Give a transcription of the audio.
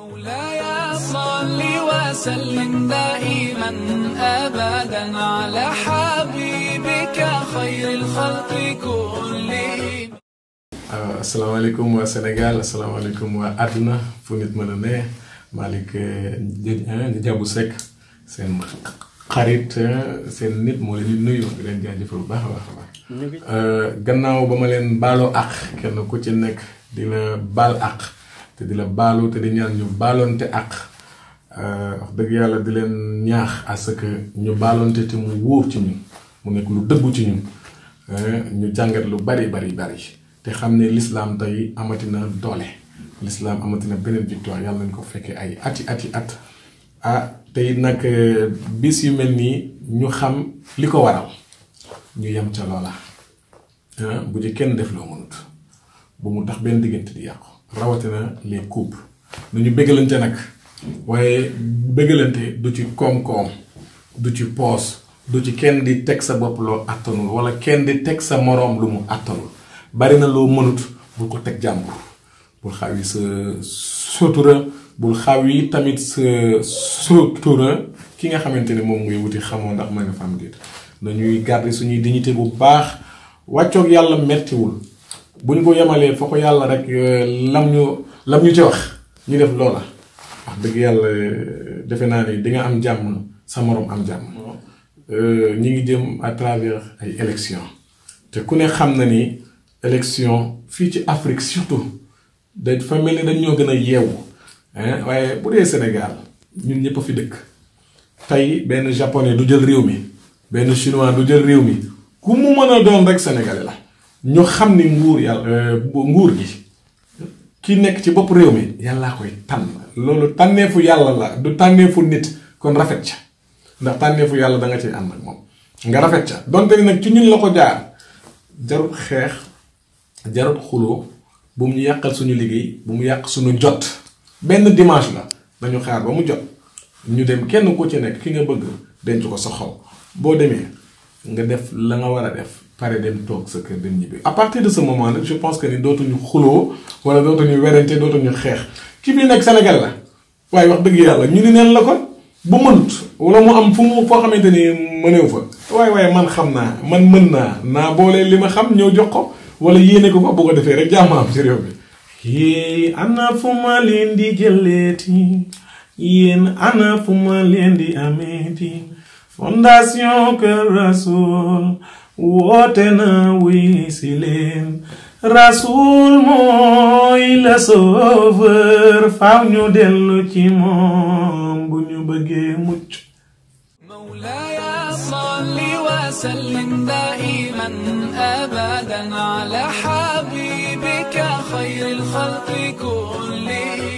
مولاي صل وسلم دائما ابدا على حبيبك خير الخلق كلهم asalaamaaleykum waa Sénégal asalaamaaleykum waa àdduna fu nit mën a ne Malick Ndiabou Seck seen xarit seen nit moo leen di nuyu di leen jaajëfal bu baax a baax a baax gannaaw ba ma leen baaloo àq kenn ku ci nekk di la baal àq te di la baalu te di ñaan ñu baaloonte ak euh, wax dëgg yàlla di leen ñaax à ce que ñu baaloonte te mu wóor ci ñun mu nekk lu dëggu ci ñun euh, ñu jàngat lu bari bari bari te xam ne lislaam tey amatina doole lislaam amatina beneen victoire yàlla nañ ko fekkee ay ati ati at ah tey nag euh, bis yu mel nii ñu xam li ko waral ñu yem ca loola ah, bu ci kenn def loo mënut bu mu tax benn diggante di yàqu rawatina les couples nu ñu bëggalante nag waaye bëggalante du ci koom-koom du ci poos du ci kenn di teg sa bopp loo àttanul wala kenn di teg sa moroom lu mu àttanul bari na loo mënut bul ko teg jàmbur bul xaw yi sa sutura bul xaw yi tamit sa sutura ki nga xamante ni moom ngay wuti xamoo ndax mën nga fa am déet dañuy garder suñuy dignité bu baax wàccoog yàlla mettiwul bu ñu ko yemalee foo ko yàlla rek euh, lam ñu lam ñu ci wax ñu def loola wax dëgg yàlla euh, defe naa ne di nga am jàmm sa moroom am jàmm euh, ñi ngi jëm à travers ay élection te ku ne xam na ni élection fii ci Afrique surtout da fa mel ni dañ ñoo gën a yeewu waaye bu dee Sénégal ñun ñëpp a fi dëkk tey benn japonais du jël réew mi benn chinois du jël réew mi ku mu mën a doon rek sénégalais ñu xam ni nguur yàlla euh, nguur gi ki nekk ci bopp réew mi yàllaa koy tànn loolu tànneefu yàlla la du tànneefu nit kon rafet ca ndax tànneefu yàlla danga ci am ànd ak moom nga rafet ca donte ni nag ci ñun la ko jaar jarut xeex jarut xuloo bu mu yàqal suñu liggéey bu mu yàq suñu jot benn dimanche la dañu xaar ba mu jot ñu dem kenn ku ci nekk ki nga bëgg denc ko sa xol boo demee nga def la nga war a def pare dem toog sa kër dem ñibbi à de ce moment nag je pense que ni dootuñu xuloo dootu ñu werante dootuñu xeex ci biir nag Sénégal la waaye wax dëgg yàlla ñu ni neen la ko bu mënut wala mu am fu mu foo xamante ni mëneew fa waaye waaye man xam naa man mën naa naa boole li ma xam ñëw jox ko wala yéene ko ko bu ko defee rek jàmm am ci réew mi. yéen ana fu ma leen di jëleeti yéen ana fu ma leen di ameeti fondation Kër Rassoul woote na wuy si leen rasul mooy la sauveur faaw ñu dellu ci moom bu ñu bëggee mucc مولاي صل وسلم دائما ابدا على حبيبك خير الخلق كلهم